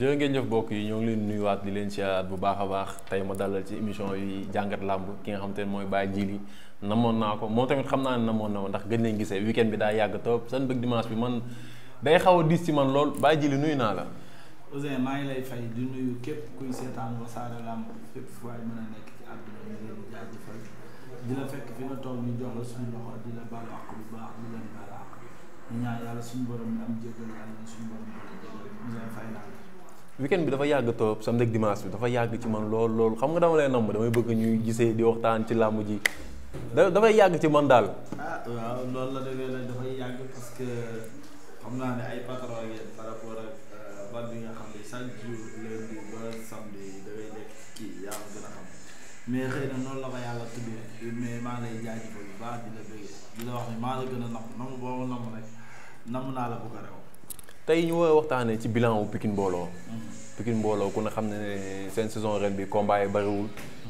jërë ngeen jëf bokk yi ñoo ngi leen nuyuwaat di leen siyaaraat bu baax a baax tey ma dalal ci émission yi jàngat làmb ki nga xam te ne mooy Baye Djili namoon naa ko moo tamit xam naa ne namoon na ma ndax gën leen gisee weekend bi daa yàgg topp seen bëgg dimanche bi man day xaw a diis ci man lool Baye Djili nuyu naa la. Ousseyn maa ngi lay fay di nuyu képp kuy seetaan Wassare Lamb fépp a nekk ci àdduna bi di fekk fi nga toog ñu jox la suñu loxo di la baal bu baax di leen baal wax weekend bi dafa yàgg toog samedi ak dimanche bi dafa yàgg ci man lool lool xam nga dama lay namm damay bëgg ñuy gisee di waxtaan ci làmb ji dafay yàgg ci man daal. ah waaw loolu la demee nag dafay yàgg parce que xam naa ne ay par rapport ak euh, ban bi nga xam ne chaque jour lundi ba samedi dafay nekk kii yaa gën a xam mais xëy na noonu la ko yàlla tuddee mais maa la gën a nam namm boo ma rek namm naa la bu ko tey ñu war waxtaanee ci bilan wu Pikine Mbollo. Pikine Mbollo ku ne xam ne ne seen saison ren bi combat bariwul.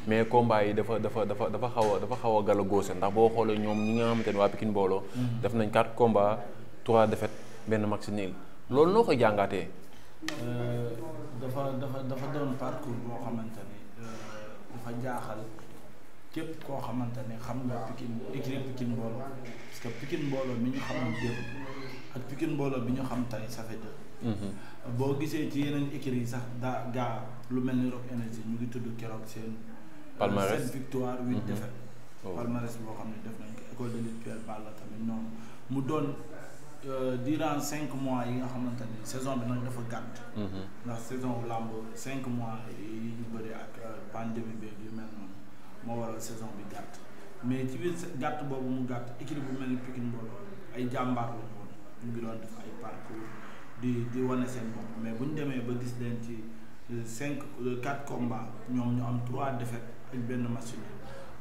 mais combat yi dafa dafa dafa dafa xaw a dafa xaw a gàll góose ndax boo xoolee ñoom nga xamante ne waa Pikine Mbollo. Mm-hmm. def nañ quatre combats trois défaites benn match nul loolu noo koy jàngatee. Euh, dafa dafa dafa doon parcours boo xamante euh, dafa jaaxal képp koo xamante ni xam nga Pikine écurie Pikine Mbollo parce que Pikine ñu xamoon démb. ak Pikine mbooloo bi ñu xam tey ça fait deux. Mm-hmm. boo gisee ci yeneen écuries yi sax daa gaa lu mel ni Rock Énergie ñu ngi tudd keroog seen. Euh, palmarès seen victoire huit mm-hmm. défaites. Oh. palmarès boo xam ne def nañ ko école de lutte Pierre Balla tamit noonu mu doon. Euh, durant cinq mois yi nga xamante ni saison bi nag dafa gàtt. Mm-hmm. ndax saison làmb cinq mois yi ñu bëri ak euh, pandémie bi yu mel noonu moo waral saison bi gàtt mais ci biir gàtt boobu mu gàtt équipe bu mel ni Pikine Mbooloo ay jàmbaar la ñu ngi doon def ay parcours di di wane seen bopp mais bu ñu demee ba gis leen ci euh, cinq euh, quatre combats ñoom ñu am trois défaites ak benn match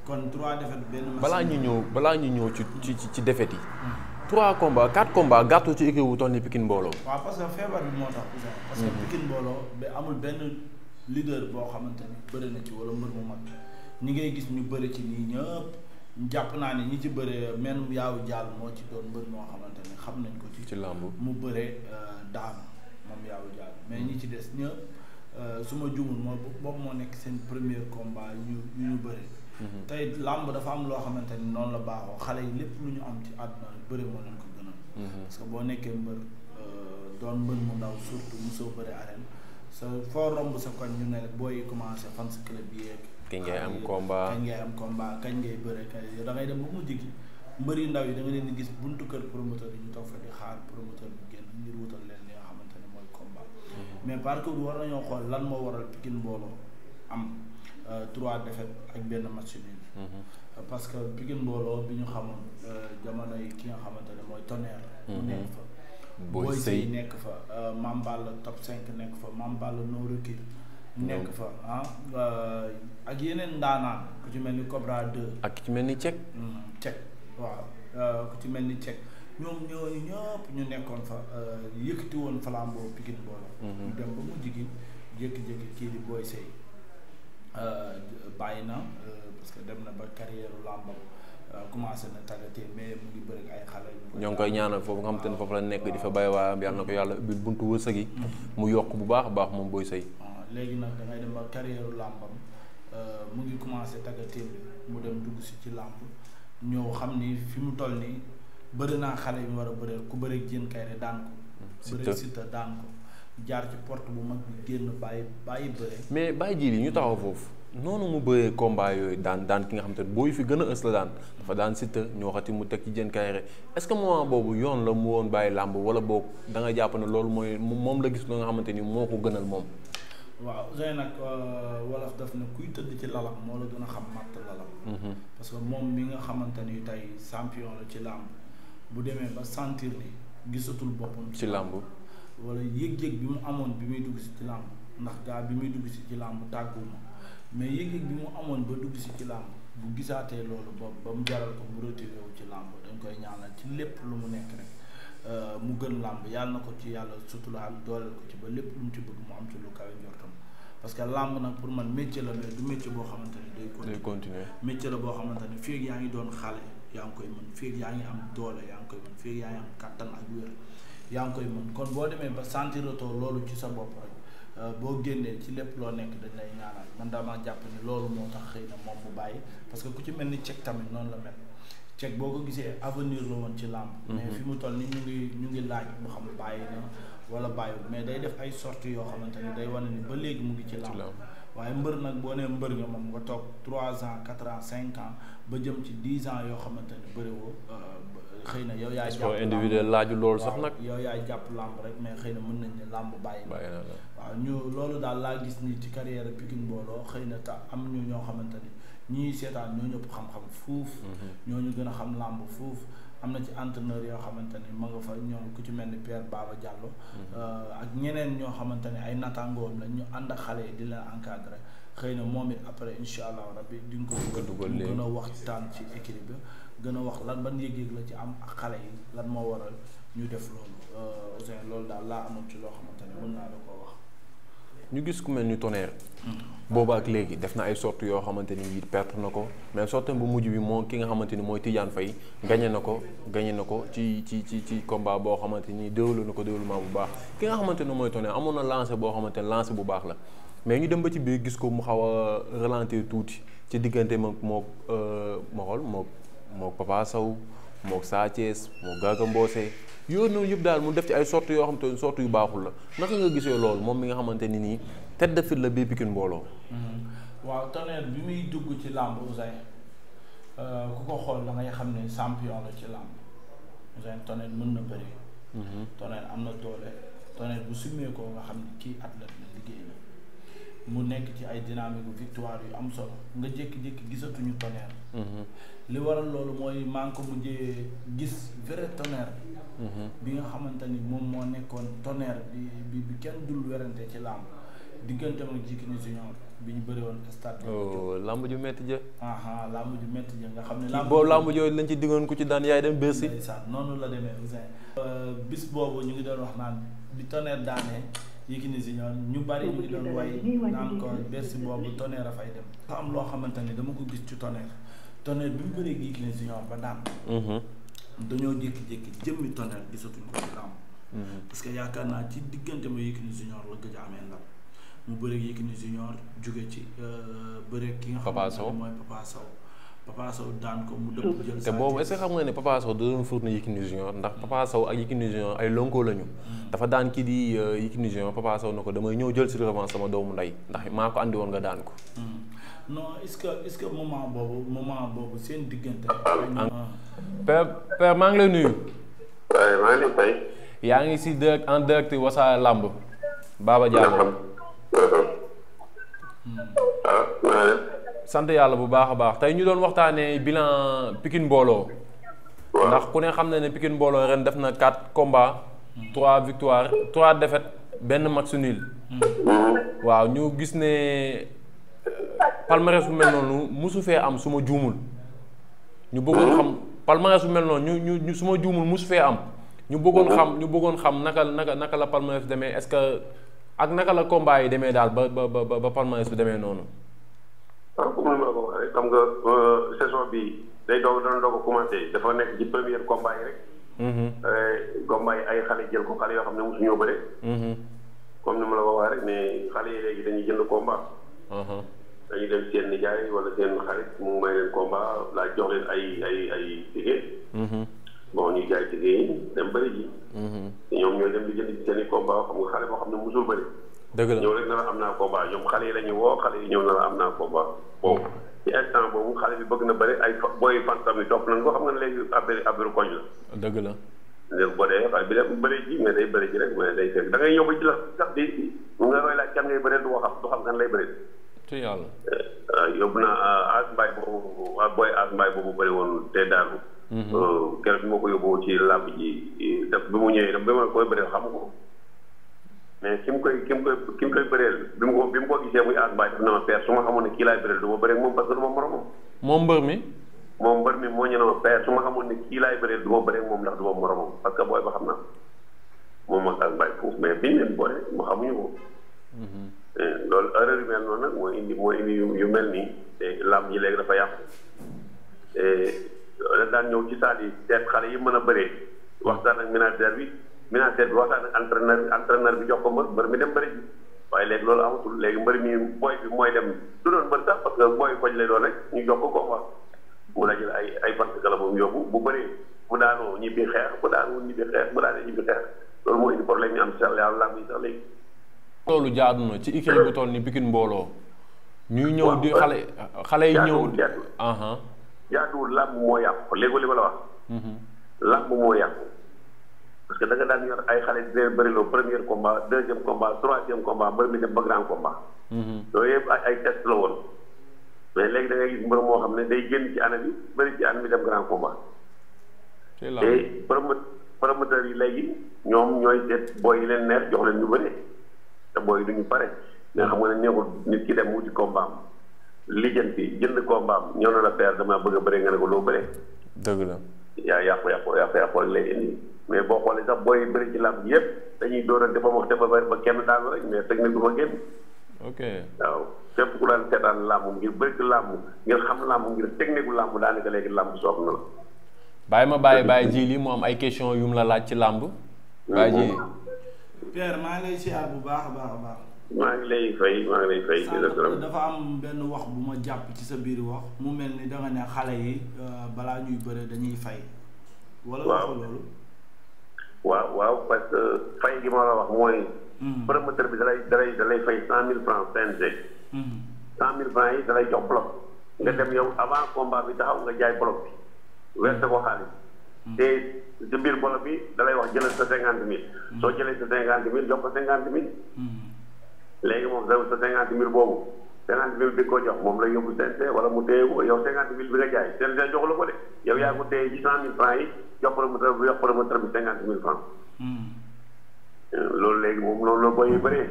kon trois défaites benn match balaa ñu ñëw balaa ñu ñëw ci ci ci defet yi. Hmm. trois combats quatre combats gàttu ci équipe wu toll ni Pikine Mbooloo. waaw parce feebar bi moo tax. parce que hmm. Mbooloo ba amul benn leader boo xamante ni bëri na ci wala mbër mu mag ñu ngay gis ñu bëri ci nii ñëpp. jàpp naa ne ñi ci bëree même yaaw jàll moo ci doon mbër moo xamante ne xam nañ ko ci. ci làmb mu bëree euh, daanu moom yaaw jàll mais ñi ci des ñëpp euh, su ma juumul moo boobu moo nekk seen premier combat ñu yu ñu bëree. Mhm. tey làmb dafa am loo xamante ni noonu la baaxoo xale yi lépp lu ñu am ci àdduna bëri moo leen ko gënal. Mhm. parce boo nekkee mbër euh, doon mbër mu ndaw surtout mu soo bëree arène sa foo romb sa koñ ñu ne booy commencé fan sa club yi yeeg kañ ngay am combat kañ ngay am combat kañ ngay bëre kañ yow da dem ba mujj gi mbëri ndaw yi da nga leen di gis buntu kër promoteur yi ñu toog fa di xaar promoteur bi génn ngir wutal leen li nga xamante ne mooy combat mhm. mais parce que war ñoo xool lan moo waral Pikine mbooloo am euh, trois défaites ak benn match nul mhm. parce que Pikine mbooloo bi ñu xamoon euh, jamono yi ki nga xamante ne mooy tonnerre mu mhm. nekk fa Boy Sey nekk fa euh, Mame top 5 nekk fa Mame Balla no nekk fa ah ak yeneen ndaanaan ku ci mel ni Cobra 2. ak ku ci mel ni Cech. Mm, Cech waaw euh, ku ci mel ni Cech ñoom ñooñu ñëpp ñu nekkoon fa euh, yëkkati woon flambeau Pikine boolo mm-hmm. ñu dem ba mu jigéen jékki-jékki kii di Boy Sey euh, bàyyi na parce que dem na ba carrière làmbam commencé na tàggatee mais mu ngi bëri ay xale ñoo ngi koy ñaanal foofu nga xam te ne foofu la nekk di fa bàyyi waa yàlla na ko yàlla ubbil buntu wërsëg mm-hmm. mu yokk bu baax a baax moom booy Sey ah, léegi nag da ngay dem ba carrière làmbam euh, mu ngi commencé tagga bi mu dem dugg si ci làmb ñoo xam ni fi mu toll nii bëri naa xale yu war a bëreel ku bëri Diène Kaïré daan ko mm. bëri Siteu daan jaar ci port bu mag bi génn bàyyi bàyyi bëre mais bàyyi ji li ñu taxaw foofu noonu mu bëree combat yooyu daan daan ki nga xam te ne booy fi gën a ës daan dafa daan Siteu ñu waxati mu teg ci est-ce que moment boobu yoon la mu woon bàyyi làmb wala boog danga nga jàpp ne loolu mooy moom la gis loo nga xamante ni moo ko gënal moom waaw Zey nag euh, wolof daf na kuy tëdd ci lalam moo la gën a xam matt lalam. Mhm. parce que moom mi nga xamante ni tey champion la ci làmb bu demee ba sentir ni gisatul boppam. ci làmb wala yëg-yëg bi mu amoon bi muy dugg si ci làmb ndax gaa bi muy dugg si ci làmb tàgguma mais yëg-yëg bi mu amoon ba dugg si ci làmb bu gisaatee loolu ba ba mu jaral ko mu retiré wu ci làmb dañ koy ñaanal ci lépp lu mu nekk rek. Euh, mu gën làmb yàlla na ko ci yàlla suturaal dooleel ko ci ba lépp lu mu ci bëgg mu am ci lu kawe njortam parce que làmb nag pour man métier la boo xamante ni day. day continuer métier la boo ni fii yaa ngi doon xale yaa ngi koy fii yaa ngi am doole yaa ngi koy mën kattan ak wér yaa ngi kon boo demee ba sentir loolu ci sa bopp euh, boo génnee ci lépp loo nekk dañ lay ñaanal man damaa jàpp ni loolu moo xëy moom bu bàyyi parce que ku ci mel ni ceeb tamit noonu la mel. ceeb boo ko gisee avenir la woon ci làmb mhm. mais fi mu toll nii ñu ngi ñu ngi laaj mu xam bàyyi na wala bàyyiwul mais day def ay sorties yoo xamante ni day wane ni ba léegi mu ngi ci làmb waaye mbër nag boo nee mbër nga moom nga toog trois ans quatre ans cinq ans ba jëm ci dix ans yoo xamante ni bëriwoo euh, xëy na yow yaay jàpp individuel laaju loolu sax nag yow jàpp làmb rek mais xëy na mën nañ ne làmb bàyyi na waaw ñu loolu daal laa gis ni ci carrière Pikine booloo xëy na ta am ñu ñoo xamante ni ñii seetaan ñoo ñëpp xam-xam fuuf. Mhm. ñu gën a xam làmb fuuf. am na ci entraîneur yoo xamante ni ma nga fa ñoom ku ci mel ni Pierre Baba Diallo. Mhm. Euh, ak ñeneen ñoo xamante ne ay nattaangoom lañ ñu ànd ak xale yi di leen encadré xëy na moom it après incha allah rabbi di nga ko dugal gën a waxtaan ci équipe bi gën a wax lan ban yëg-yëg la ci am ak xale yi lan moo waral ñu def loolu euh, loolu daal laa amoon ci loo xamante ne mën naa la ko ñu gis ku mel ni tonnerre. booba ak léegi def na ay sorte yoo xamante ni perte na ko mais sorte bu mujj bi moo ki nga xamante ni mooy Tidiane fay gañe na ko gañe na ko ci ci ci ci combat boo xamante ni déwlu na ko déwlument bu baax ki nga xamante ni mooy tonnerre amoon na lancé boo xamante ni lancé bu baax la mais ñu dem ba ci biir gis ko mu xaw a ralentir tuuti ci diggante ma moo ma xool euh, moo moo Papa Sow moog Sa Thiès moog Gaga Mbossé yooyu noonu yëpp daal mu def ci ay sorties yoo xam te ne sorties yu baaxul la naka nga gisee loolu moom mi nga xamante ni nii tête de la bii Pikine mbooloo. Mm-hmm. waaw Tonnerre bi muy dugg ci làmb Ouzin euh, ku ko xool da xam ne champion la ci làmb Ouzin na bëri. Mm-hmm. Tonnerre am na doole Tonnerre bu sumee ko nga xam ne kii athlète la liggéey mu nekk ci ay dynamique victoire yu am solo nga jékki-jékki gisatuñu tonnerre. Mhm. li waral loolu mooy man ko mujjee gis vrai tonnerre mhm. bi. nga xamante ni moom moo nekkoon tonnerre bi bi bi kenn dul werante ci làmb diggante ak Yékini Junior bi ñu bëri woon stade. Oh, làmb ju métti jë. làmb ju métti jë nga xam ne. làmb boobu làmb yooyu lañ ci diggoon ku ci daan yaay dem bés si. noonu la demee Ousseyn. Euh, bis boobu ñu ngi doon wax naan bi tonnerre daanee. Yékini Junior ñu bari ñu ngi doon way naan ko Bercy boobu Tonnerre fay dem dafa am loo xamante ni dama ko gis ci Tonnerre Tonnerre bi mu bëree ak Yékini Junior ba daan mhm. dañoo jékki-jékki jëmmi Tonnerre gisatuñ ko ci làmb mhm. yaakaar naa ci diggante ma Yékini Junior la gëj amee ndam mu bëri bëreeg Yékini Junior jóge ci euh, bëreeg ki nga xam ne mooy Papa Sow Papa Sow daan ko xam nga ne Papa Sow da doon fournir Yékini Junior ndax Papa Sow ak Yékini Junior ay lonko lañu. Mm. dafa daan di euh, Yékini Junior na ko damay ñëw jël si revanche sama doomu ndey ndax maa ko woon nga daan ko. Mm. est-ce que est-ce que moment boobu moment boobu seen diggante. Ah, père maa ngi lay nuyu. waaw maa ngi lay fay. yaa ngi si direct en direct Wassare Lamb Baba Diallo. Mm. sant yàlla bu baax a baax tey ñu doon waxtaanee bilan Pikine Mbooloo. ndax ku ne xam na ne pikin Mbooloo ren def na 4 komba 3 victoires trois défaites benn match nul. Hmm. waaw ñu gis ne euh, palmarès bu mel noonu musu fee am su ma juumul. ñu bëggoon xam palmarès bu mel noonu ñu ñu su ma juumul musu fee am. ñu bëggoon hmm. xam ñu bëggoon xam naka naka naka la palmarès demee est-ce que ak naka la combat yi demee daal ba ba ba palmarès bi demee noonu. waaw comme ni ma la ko waxee xam nga euh, saison bi day doog doon doog a commencé dafa nekk ci première combat yi rek. Mm-hmm. Euh, combat yi ay xale jël ko xale yoo xam ne mosu ñoo bëre. Mm-hmm. ni ma la ko waxee rek ne xale yi léegi dañuy jënd combat. Mm-hmm. dañuy dem seen nijaay wala seen xarit mu may leen combat laa jox leen ay ay ay ticket. bon ñuy jaay ticket yi dem bëri ji. ñoom ñooy dem di jënd seen i combat xam nga xale boo xam ne mosul bëri. dëgg la ñëw rek na la am naa combat ñoom xale yi lañuy woo xale yi ñëw na la am naa combat boobu ci instant boobu xale bi bëgg na bëri ay booy fantam ni topp nañ ko xam nga ne léegi affaire affaire koñ la dëgg la léegi boo dee xale bi de bëri ji mais day bëri ji rek mais day fekk da ngay ñëw ba ci la sax di nga koy laaj kan ngay bëri du ko xam du xam kan lay bëri ci yàlla yóbbu na euh, as mbaay boobu booy as mbaay boobu bëri woon te daaru mhm. euh, keroog bi ma ko yóbbu ci làmb ji def bi mu ñëwee daf ko mais ki mu koy ki mu koy ki mu koy bëreel bi mu ko bi mu ko gisee muy ànd bàyyi def na ma père su ma xamoon ne kii laay bëreel du ma moom parce que du ma moom mi. moo ñu ne ma père su ma xamoon ne kii laay bëreel du ma bëree moom ndax du ma moromam parce que booy ba xam naa moom ak ànd bàyyi foofu mais biñ leen boole mu loolu erreur yu mel noonu moo indi moo indi yu mel nii te làmb yi léegi dafa yàqu. te eh, daan ñëw ci saal yi seet xale yi mën a bëree mm. waxtaan ak manager bi. ministère bi waxtaan ak entraîneur entraîneur bi jox ko mbër mbër mi dem bëri ji waaye léegi loolu amatul léegi mbër mi booy bi mooy dem du doon mbër sax parce que booy ñu jox ko combat mu la jël ay ay bant kala moom bu bëree mu daanoo ñibbi xeex bu daanoo ñibbi xeex bu daanoo ñibbi xeex loolu moo indi problème ñu am sax yàlla làmb yi sax léegi loolu jaadu na ci équipe bu toll ni Pikine mbooloo ñuy ñëw di xale xale yi ñëw jaaduwul jaaduwul làmb moo yàqu léegi li ma la wax mhm. làmb moo yàqu que da nga daan yor ay xale di leen bëriloo premier combat deuxième combat troisième combat mbër mi dem ba grand combat. yooyu yëpp ay ay test la woon. mais léegi da ngay gis mbër moo xam ne day génn ci année yi bëri ci année bi dem grand combat. te promo promoteurs yi léegi ñoom ñooy seet booy yi leen neex jox leen ñu bëri te booy yi ñu pare mais xam nga ne neexul nit ki dem wuti combat am lijjanti jënd combat am ñëw na la paire damaa bëgg a bëree nga ne ko loo bëree. dëgg la. yaa yàqu yàqu yàqu mais boo xoolee sax booy bëri ci làmb yëpp dañuy doonante ba mu te ba ba kenn daanu rek mais technique du ma génn. ok waaw képp ku daan seetaan làmb ngir bëri ci làmb ngir xam làmb ngir technique làmb daanaka léegi làmb soob na la. bàyyi ma bàyyi bàyyi ji li mu ay question yu mu la laaj ci làmb. bàyyi ji. Pierre bu baax a baax a baax. maa ngi lay fay maa ngi lay fay. dafa am benn wax bu ma jàpp ci sa biir wax mu mel ni danga ne xale yi euh, balaa ñuy bëre dañuy fay. wala waxu loolu. waaw waaw parce que fay gi ma la wax mooy. Hmm. promoteur bi dalay dalay dalay fay cent mille franc CNG. Hmm. cent mille franc yi dalay jox bloc. nga dem yow avant combat bi taxaw nga jaay bloc bi. verse ko xaalis. Hmm. te biir bloc bi dalay wax jëlal sa cinquante mille. soo jëlee sa cinquante mille jox ko cinquante mille. léegi moom sa cinquante mille boobu. cinquante mille bi ko jox moom la yóbbu CNG wala mu téye ko yow cinquante mille bi nga jaay CNG jox la ko de yow yaa ko téye ci cent jox promoteur bi jox promoteur bi cinquante mille francs. Hmm. loolu léegi moom loolu la booy yu bëree.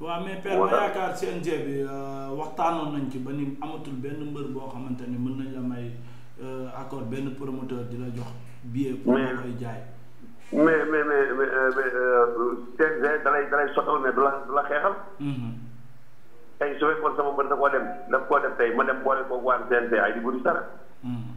waaw mais père ma yaakaar CNG bi euh, waxtaanoon nañ ci ba ni amatul benn mbër boo xamante ni mën nañ la may euh, accord benn promoteur di la jox billet. pour nga koy jaay. mais mais mais mais euh, CNG dalay dalay sotal mais du la du la xeexal. Hmm. tey su fekkoon sama mbër da koo dem daf koo dem tey ma dem boole kooku waa CNG ay di bëri dara. Hmm.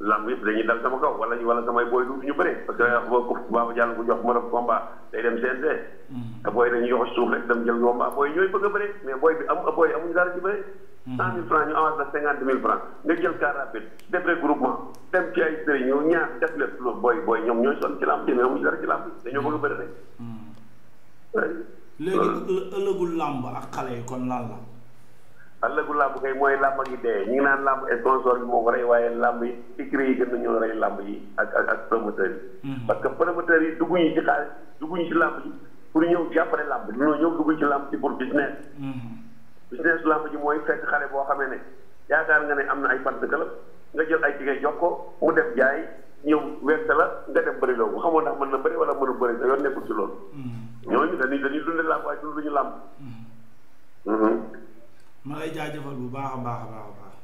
lamb yëpp dañuy dal sama kaw wala wala samay booy du ñu bëre parce que ko Baba Diallo bu jox mën a combat day dem CNG. Mm. te booy dañuy yoxu suuf rek dem jël combat booy ñooy bëgg a bëre mais booy bi am booy amuñu dara ci bëre. Mm. cent mille francs ñu la cinquante mille francs nga jël car rapide def regroupement dem ci ay sëriñ ñu ñaar def lépp loolu booy ñoom ñooy sonn ci lamb bi mais amuñu dara ci lamb bi bëgg a bëre rek. Mm. léegi ëllëgul lamb ak xale yi kon lan ëllëgu làmb kay mooy làmb gi dee ñu ngi naan làmb sponsor bi moo ko rey waaye làmb yi écrits yi gën nañoo rey làmb yi ak ak ak yi. Mm-hmm. parce que promoteurs yi dugguñu ci xaalis dugguñu ci làmb ji pour ñëw jàppale làmb ñoo ñëw dugguñu ci làmb ji pour business. Mm-hmm. business làmb ji mooy fekk xale boo xamee ne yaakaar nga ne am na ay fan dëkk la nga jël ay jigéen jox ko mu def jaay ñëw wegg la nga def bëri loolu xamoo ndax mën na bari wala mën a bëri te yoon nekkul ci loolu. Mm-hmm. ñooñu dañuy dañuy dundee ma lay jaajëfal bu baax a baax a baax a baax.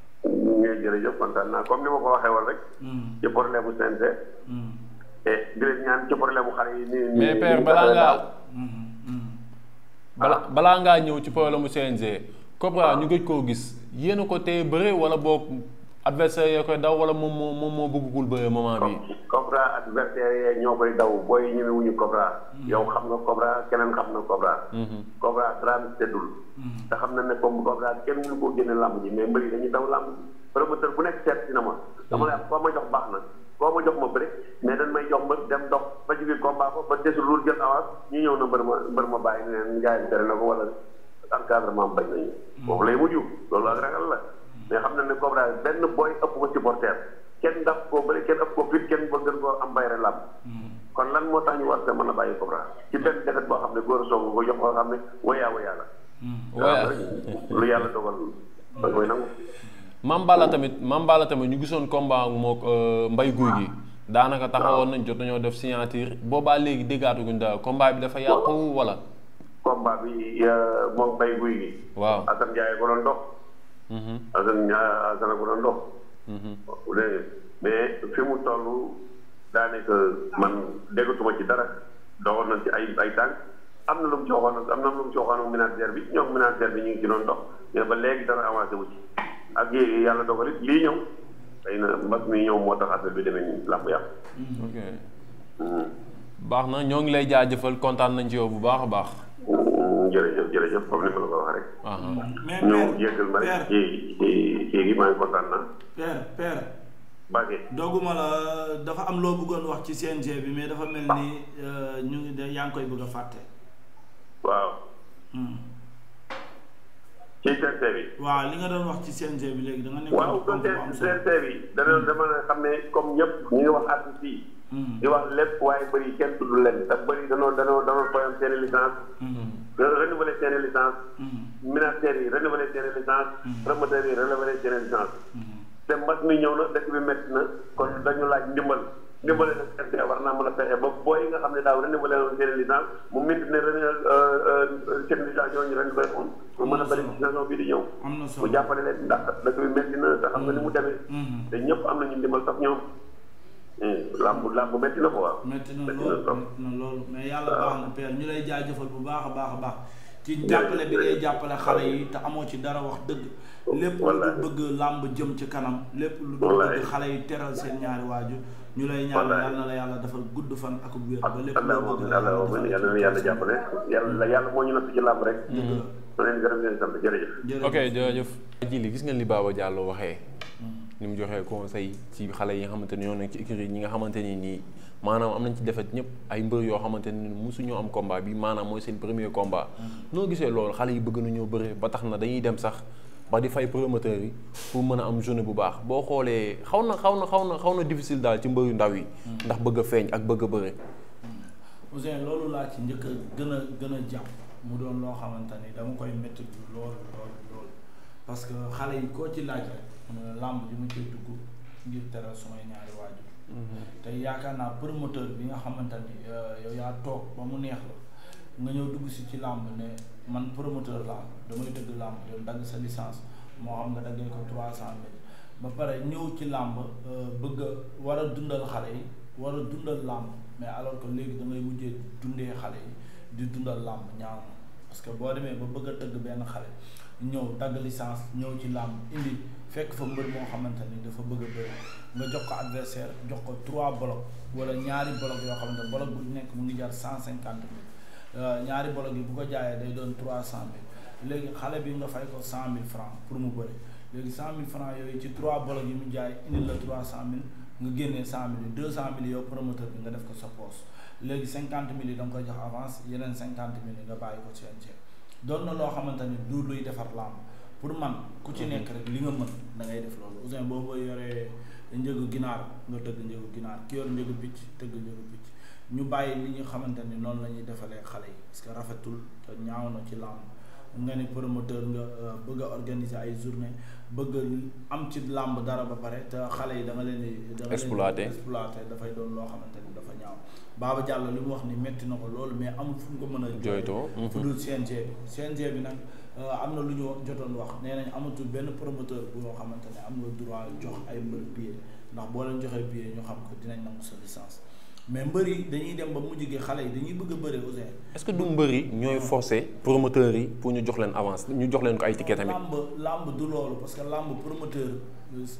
ñooy jërëjëf kontaan comme ni ma ko waxee woon rek. Hmm. bu CNG. Hmm. et di leen bu xale yi. balaa ngaa. ñëw ci problème bu CNG. Cobra ñu gëj koo gis yéen ko téye bëre wala boog. adversaire yee koy daw wala moom moo moom moo bëggul ba moment bi Cobra adversaire yee ñoo koy daw booy ñeme wuñu Cobra hmm. yow xam nga Cobra keneen xam na Cobra hmm. Cobra hmm. xam na ne ko Cobra kenn mënu koo génne làmb ji mais mbëri dañuy daw làmb nekk seet na ma dama ma jox baax na koo ma jox ma bëri may jox ma dem dox ba jógee combat ba desul lu jël avance ñu ñëw na mbër ma mbër ma bàyyi neen ngaa yi tere na ko wala encadrement bañ nañu foofu lay mujj loolu ak ragal la mais xam ne Cobra benn booy ëpp ko ci porteur ko bëri kenn ëpp ko ba gën koo hmm. kon lan moo tax a mën a bàyyi Cobra ci benn defet boo xam ne koo xam ne wayaa wayaa la hmm. lu yàlla dogal da koy tamit Mame tamit ñu gisoon combat moo euh, mbay guy gi daanaka taxawoon nañ jot dañoo def signature boobaa léegi déggaatuguñ dara combat bi dafa yàqu wala combat bi euh, moom mbay guy gi waaw Assane Ndiaye ko doon dox a a kana gu a ndox léegi mais fi mu toll daanaka man déggatuma ci dara doxoon na ci ay ay tànk am na lu mu ci am na lu mu ci waxoon ministère bi ñoom ministère bi ñu ngi ci doon dox mais ba léegi dara avancé wu ci ak yéegi yàlla dogal it lii ñëw xëy na mbas mi ñëw moo tax affaire bi demee nii làmb hmm. baax na ñoo ngi lay jaajëfal kontaan nañ ci bu baax a baax hmm, jërëjëf jërëjëf mais ñoom jéggal ma rek ci ci maa ngi kontaan na. père père. dogguma la dafa am loo bëggoon wax ci seen CNG bi mais dafa mel ni ñu ngi yaa ngi koy bëgg a fàtte. waaw. ci CNG bi. waaw li nga doon wax ci CNG bi léegi da nga nekk. waaw CNG bi dana dama xam ne comme ñëpp ñu ngi wax artiste di wax lépp waaye bëri kenn tudd leen te bëri danoo danoo danoo foyam seen licence. renouveler seen licence mm-hmm. ministères yi renouveler seen licence mm-hmm. promoteurs yi renouveler seen licence mm-hmm. te mbas mi ñëw na dëkk bi métti na kon dañu laaj ndimbal ndimbale nag FDA war naa a fexe ba booy yi xam ne daaw renouvelé woon seen licence mu mint ne ren euh, euh, seen licence yooyu ñu renouvelé woon mu mën a bëri bi di ñëw mu jàppale leen ndax dëkk bi métti na te xam nga ni mu demee te ñëpp am na ñu ndimbal sax ñoom Mm. làmb làmb métti na ko waaw. métti na loolu métti na loolu mais yàlla ah. baax na père ñu lay jaajëfal bu baax a baax a baax. ci jàppale bi ngay jàppale xale yi te amoo ci dara wax dëgg. lépp lu bëgg làmb jëm ci kanam. lépp lu du bëgg xale yi teral seen ñaari waajur. ñu lay ñaan yàlla na la yàlla defal gudd fan ak wér. ba lépp loo bëgg yàlla yàlla na yàlla jàppale. yàlla moo ñu natt ci làmb rek. dëgg la ma leen gërëm leen li gis nga li Baba Diallo waxe mm. ni mu joxee conseil ci xale yi nga xamante ne ñoo nekk ci écurie ñi nga xamante ni nii maanaam am nañ ci defet ñëpp ay mbër yoo xamante ne mosuñoo am combat bi maanaam mooy seen premier combat. Mm. noo gisee loolu xale yi bëgg nañoo bëre ba tax na dañuy dem sax ba di fay promoteur yi pour mën a am journée bu baax boo xoolee xaw na xaw na xaw na xaw na difficile daal ci mbëru ndaw yi. Mm. ndax bëgg a ak bëgg a bëre. Mm. Ousseyn loolu laa ci njëkk a gën a gën a jàpp mu doon loo xamante ni dama koy métti loolu parce que xale yi koo ci laaj rek mu ne làmb li mu ci dugg ngir teral sumay ñaari waajur mhm. te yaakaar naa promoteur bi nga xamante ni euh, yow yaa toog ba mu neex la nga ñëw dugg si ci làmb ne man promoteur laa damay tëgg làmb yow dagg sa licence moo xam nga daggee ko trois cent mille ba pare ñëw ci làmb euh, bëgg war a dundal xale yi war a dundal làmb mais alors que léegi da ngay mujjee dundee xale yi di dundal làmb ñaaw parce que boo demee ba bëgg a tëgg benn xale ñëw dagg licence ñëw ci làmb indi fekk fa mbër moo xamante ni dafa bëgg a bëri nga jox ko adversaire jox ko trois blocs wala ñaari blocs yoo xamante ne bloc bu nekk mu ngi jar cent cinquante mille euh, ñaari blocs yi bu ko jaayee day doon trois cent mille léegi xale bi nga fay ko cent mille francs pour mu bëri léegi cent mille francs yooyu ci trois blocs yi mu jaay indi la trois cent mille nga génnee cent mille deux cent mille yow promoteur bi nga def ko sa poche léegi cinquante mille yi koy jox avance yeneen cinquante mille yi nga bàyyi ko CNG. doon na loo xamante ni du luy defar làmb pour man ku ci mhm. nekk rek li nga mën da ngay def loolu Ouzin boobu yoree njëgu ginaar nga tëgg njëgu ginaar ki yor njëgu picc tëgg njëgu picc ñu bàyyi li ñu xamante ni noonu la ñuy defalee xale yi parce que rafetul te ñaaw na ci làmb nga ne promoteur nga euh, bëgg a ay journée bëgg am ci làmb dara ba pare te xale yi da leen di. exploité da nga exploité dafay doon loo xamante Baba Diallo li mu wax ni métti na ko loolu mais amul fu mu ko mën a jooytoo fu mhm. dul CNG bi CNG bi nag euh, am na lu ñu jotoon wax nee nañ amatul benn promoteur bu nga xamante ne am na droit jox ay mbër billet ndax boo leen joxee billet ñu xam ko dinañ nangu sa licence mais mbër dañuy dem ba mu gi xale yi dañuy bëgg a bëre aussi. est que du mbër yi ñooy forcer promoteurs yi pour ñu jox leen avance ñu jox leen ko ay ticket tamit. làmb làmb du loolu parce que làmb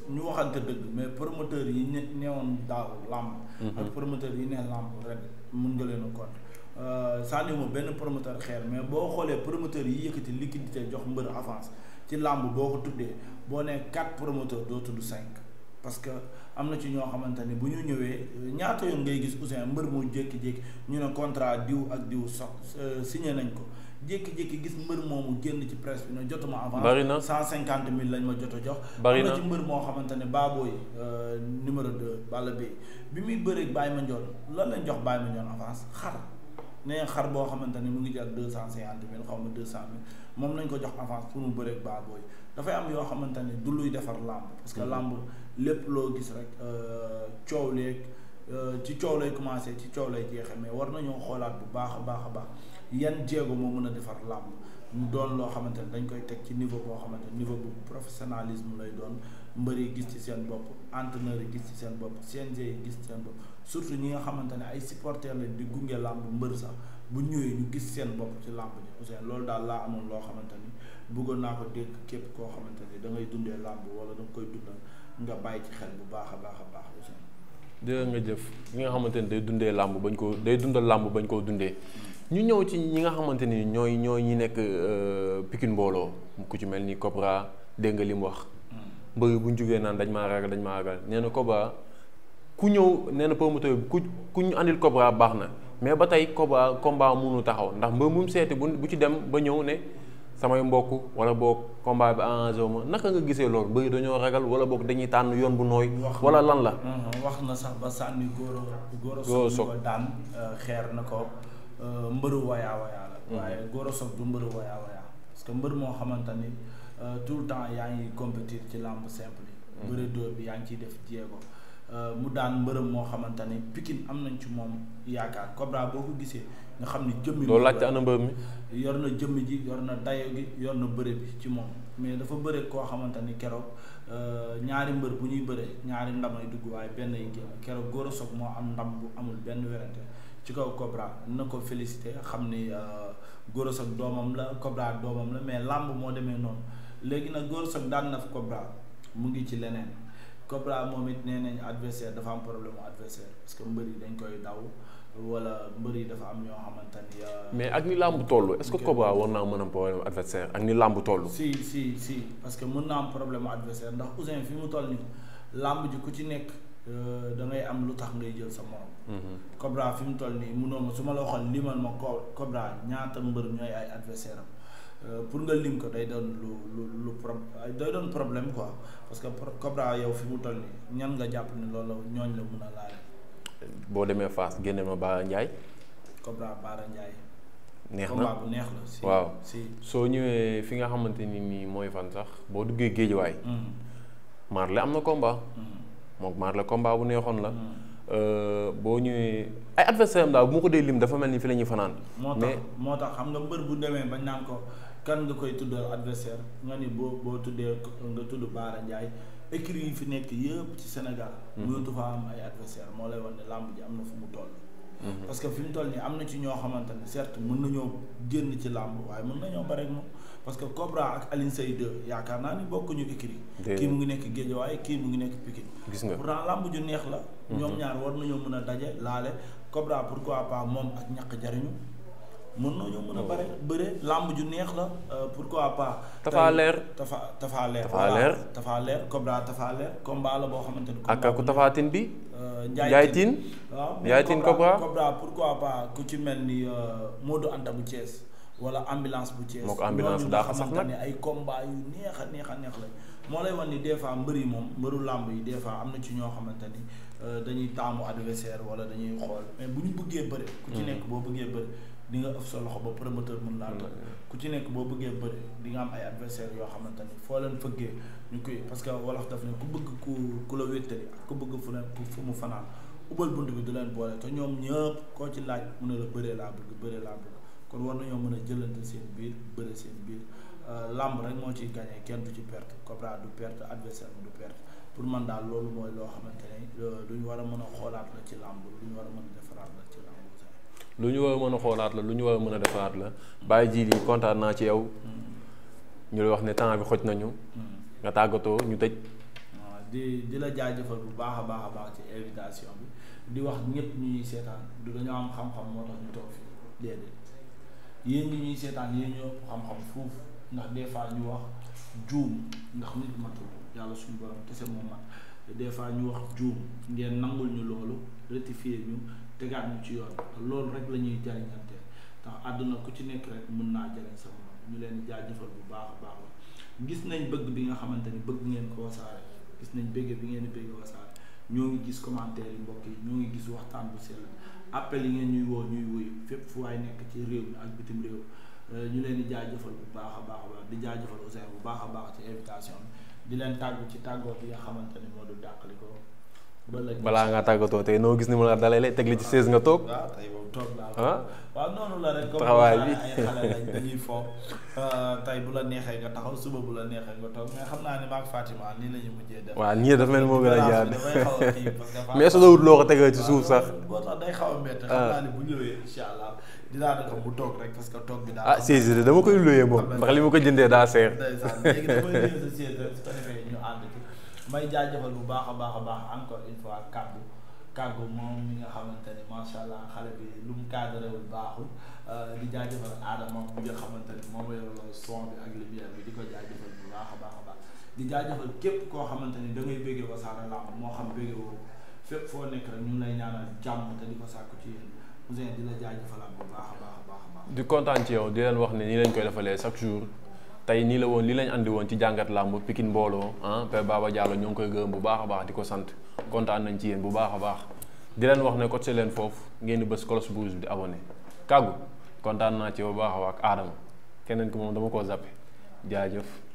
ñu waxante dëgg mais promoteur yi ñu neewoon daaw làmb mm-hmm. ak promoteur yi ne làmb rek mun nga leen a compte euh, sànni ma benn promoteur xeer mais boo xoolee promoteur yi yëkkati liquidité jox mbër avance ci làmb boo ko tuddee boo nee quatre promoteurs doo tudd cinq parce que am na ci ñoo xamante ni bu ñu ñëwee ñaata yoon ngay gis Ousseyn mbër mu jékki-jékki ñu ne contrat diw ak diw sax euh, signé nañ ko jékki-jékki gis mbër moomu génn ci presse bi ne jotuma avance. bari cent cinquante mille lañ ma jot a jox. bari na ci mbër moo xamante ne Baboy euh, numéro deux Balla Beye bi muy bëreeg Baye Mandione lan lañ jox Baye Mandione avance xar nee xar boo xamante ne mu ngi jël deux cent cinquante mille xaw ma deux cent mille moom lañ ko jox avance pour mu bëreeg Baboy dafay am yoo xamante ne du luy defar làmb parce que mhm. làmb lépp loo gis rek euh, coow leeg euh, ci coow lay commencé ci coow lay jeexee mais war nañoo xoolaat bu baax a baax a baax. yan jéego moo mën a defar làmb mu doon loo xamante ne dañ koy teg ci niveau boo xamante niveau bu professionnalisme lay doon mbër yi gis ci seen bopp entraîneur yi gis ci seen bopp CNG yi gis seen bopp surtout ñi nga xamante ne ay supporters lañ di gunge làmb mbër sax bu ñëwee gis seen bopp ci làmb ji Ousseyn loolu daal laa amoon loo xamante ni bëggoon naa ko dégg képp koo xamante ni da ngay dundee làmb wala da koy dundal nga bàyyi ci xel bu baax a baax a baax Ousseyn. jërë nga jëf ki nga xamante ni day dundee làmb bañ koo day dundal làmb bañ koo dundee. ñu ñëw ci ñi nga xamante ni ñooy ñooy ñi nekk euh, Pikine mbooloo ku ci mel ni Cobra dégg nga li mu wax. Mm. mbëri bu ñu jugee naan dañ ma ragal dañ maa ragal nee na Cobra ku ñëw nee na promoteur bi ku ku ñu andil Cobra baax na mais ba tey Cobra combat mënu taxaw ndax mbër mu seeti bu ci dem ba ñëw ne samay mbokk wala boo combat bi arrangé ma naka nga gisee loolu bëri dañoo ragal wala boog dañuy tànn yoon bu nooy. wala lan la. Mm-hmm. wax na sax ba sànni euh, xeer na ko. Euh, mbëru wayaa wayaa la. Mm. waaye Gora Sock du mbëru wayaa wayaa parce que mbër moo xamante ni euh, tout le temps yaa ngi compétir ci lamb simple yi. Mm. bëre dóor bi yaa ngi ciy def jéego euh, mu daan mbër moo xamante ni Pikine am nañ ci moom yaakaar Cobra boo ko gisee nga xam ni jëmmi. loolu laajte ana mbër mi. yor na jëmmi ji yor na dayo gi yor na bëre bi ci moom mais dafa bëre koo xamante ni keroog ñaari mbër bu ñuy bëre ñaari ndamay dugg waaye benn yi génn keroog Gora moo am ndam bu amul benn werante ci kaw Cobra na ko félicité xam ni euh, Gora Sock doomam la Cobra doomam la mais làmb moo demee noonu léegi nag Gora Sock daan na fi Cobra mu ngi ci leneen Cobra moom it nee nañ adversaire dafa am problème mu adversaire parce que mbër yi dañ koy daw wala mbër yi dafa am ñoo xamante ni. Euh, mais ak ni làmb toll est-ce que Cobra war naa mën a am problème adversaire ak ni làmb toll. si si si parce que mun naa am problème adversaire ndax Ouzin fi mu toll nii làmb ji ku ci nekk. Euh, da ngay am lu tax ngay jël sa morom. Mhm. Cobra fi mu toll nii munoo ma su ma la waxoon limal ma ko Cobra ñaata mbër ñooy ay adversaire am euh, pour nga lim ko day doon lu lu lu pro day doon problème ko parce que Cobra yow fi mu toll nii ñan nga jàpp ni loolu ñooñ la mun a laale. boo demee Fass génne ma Baara njaay Cobra Baara Ndiaye. neex na neex la si waaw soo ñëwee fi nga xamante ni nii mooy fan sax boo duggee géejuwaay. Mhm. Marley am na combat. Mhm. moom maar la combat bu neexoon la. Mm. Euh, boo ñëwee ay adversaire am daal bu ma ko dee lim dafa mel ni fi lañuy fanaan. moo tax moo tax xam nga mbër bu demee bañ naan ko kan nga koy tudd adversaire nga ni boo boo tuddee nga tudd Baara njaay écurie yi fi nekk yëpp ci Sénégal. Mm-hmm. mënatu fa am ay adversaire moo lay wan ne làmb ji am na fu mu toll. Mm-hmm. parce que fi mu toll nii am na ci ñoo xamante ne certes mën nañoo génn ci làmb waaye mën nañoo bare moom. parce que Cobra ak Alioune Seye 2 yaakaar naa ni bokkuñu écrit kii mu ngi nekk Guédiawaye kii mu ngi nekk Pikine gis nga pourtant lamb ju neex la mhm. ñoom ñaar war nañoo mën a daje laale Cobra pourquoi pas moom ak ñaq jariñu mën nañoo mën a oh. bare bëre làmb ju neex la euh, pour quoi Tapha Leer Tapha Tapha Leer Tapha Leer Tapha Leer Cobra Tapha Leer combat la boo xamante ni ak ku Tapha bi euh, Ndiaye Tine waaw Ndiaye Tine Cobra Cobra pourquoi pas ku ci mel ni euh, Modou Anta bu wala ambulance bu Thiès. moo ko ambulance daax sax nag ay combat yu neex a neex a neex la moo lay wan ni des fois mbër yi moom mbëru làmb yi des fois am na ci ñoo xamante ni euh, dañuy taamu adversaire wala dañuy xool mais bu ñu bëggee bëri. Hmm. Hmm. ku ci nekk boo bëggee bëri di nga ëpp sa loxo ba promoteur mun laa tëgg ku ci nekk boo bëggee bëri di nga am ay adversaire yoo xamante ni foo leen fëggee ñu koy parce que wolof daf ne ku bëgg ku ku la wéttali ak ku bëgg fu leen fu mu fanaan ubbal bunt bi du leen boole te ñoom ñëpp koo ci laaj mu ne la bëree laa kon war nañoo mën a jëlante seen biir bëre seen biir euh, làmb rek moo ci gagné kenn du ci perte Cobra du perte adversaire du perte pour man daal loolu mooy loo xamante ne euh, lu ñu war a mën a xoolaat la ci làmb lu ñu war a mën a defaraat la xoolaat la lu ñu war a mën a defaraat la bàyyi ji lii kontaan naa ci yow. Hmm. ñu lay wax ne temps bi xoj nañu. Hmm. nga tàggatoo ñu tëj. waaw di di la jaajëfal bu baax a baax a baax ci invitation bi di wax ñëpp ñuy seetaan du dañoo am xam-xam moo tax ñu toog fii déedéet. yéen ñi ñuy seetaan yéen ñoo xam-xam foofu ndax des fois ñu wax juum ndax nit matul yàlla suñu borom kese moom mat des fois ñu wax juum ngeen nangul ñu loolu rectifier ñu tegaat ñu ci yoon loolu rek la ñuy jariñante ndax àdduna ku ci nekk rek mën naa jariñ sa moom ñu leen jaajëfal bu baax a baax la gis nañ bëgg bi nga xamante ni bëgg ngeen ko wasaare gis nañ bëgg bi ngeen di bëgg wasaare ñoo ngi gis commentaire yi mbokk yi ñoo ngi gis waxtaan bu sell appel yi ngeen ñuy woo ñuy wuyu fépp fu waay nekk ci réew mi ak bitim réew euh, ñu leen di jaajëfal bu baax a baax a di jaajëfal Ousseyn bu baax a baax ci invitation bi di leen tàggu ci tàggoo bi nga xamante ni moo du dàqali ko balaa ngaa tàggatoo tey noo gis ni mu la dalalee teg li ci sées nga toog. waaw tey ah? taxawaay bi ay fo. Euh, tey bu la neexee nga taxaw suba bu la neexee nii dafa mel moo gën a jaar mais est-ce que doo wut loo ci suuf sax. boo tax day xaw ah. naa ne toog rek parce toog bi daal. ah sées de dama koy luyee moom ndax li ma ko jëndee daa seer. may jaajëfal bu baax a baax a baax encore une fois kàddu kàggu moom mi nga xamante ni macha allah xale bi lu mu cadrewul baaxul euh, di jaajëfal aadama mi nga xamante ni moom la son ak lumière bi di ko jaajëfal bu a baax a baax di jaajëfal képp koo xamante ni da ngay bëggee Wassare Lamb moo xam bëggee woo foo nekk rek ñu ngi lay ñaanal jàmm te sàkku ci yéen di la jaajëfalaat bu baax a baax a baax di kontaan ci yow di leen wax ne nii lañ koy defalee chaque jour. tey nii la woon lii lañ andi woon ci jàngat làmb Pikine mbooloo ah Père Baba ñoo ngi koy gërëm bu baax a baax di ko sant kontaan nañ ci yéen bu baax a baax di leen wax ne cote leen foofu ngeen di bës cloche bu bi di abonné kàggu kontaan naa ci bu baax a baax aadama keneen ki moom dama koo zappe jëf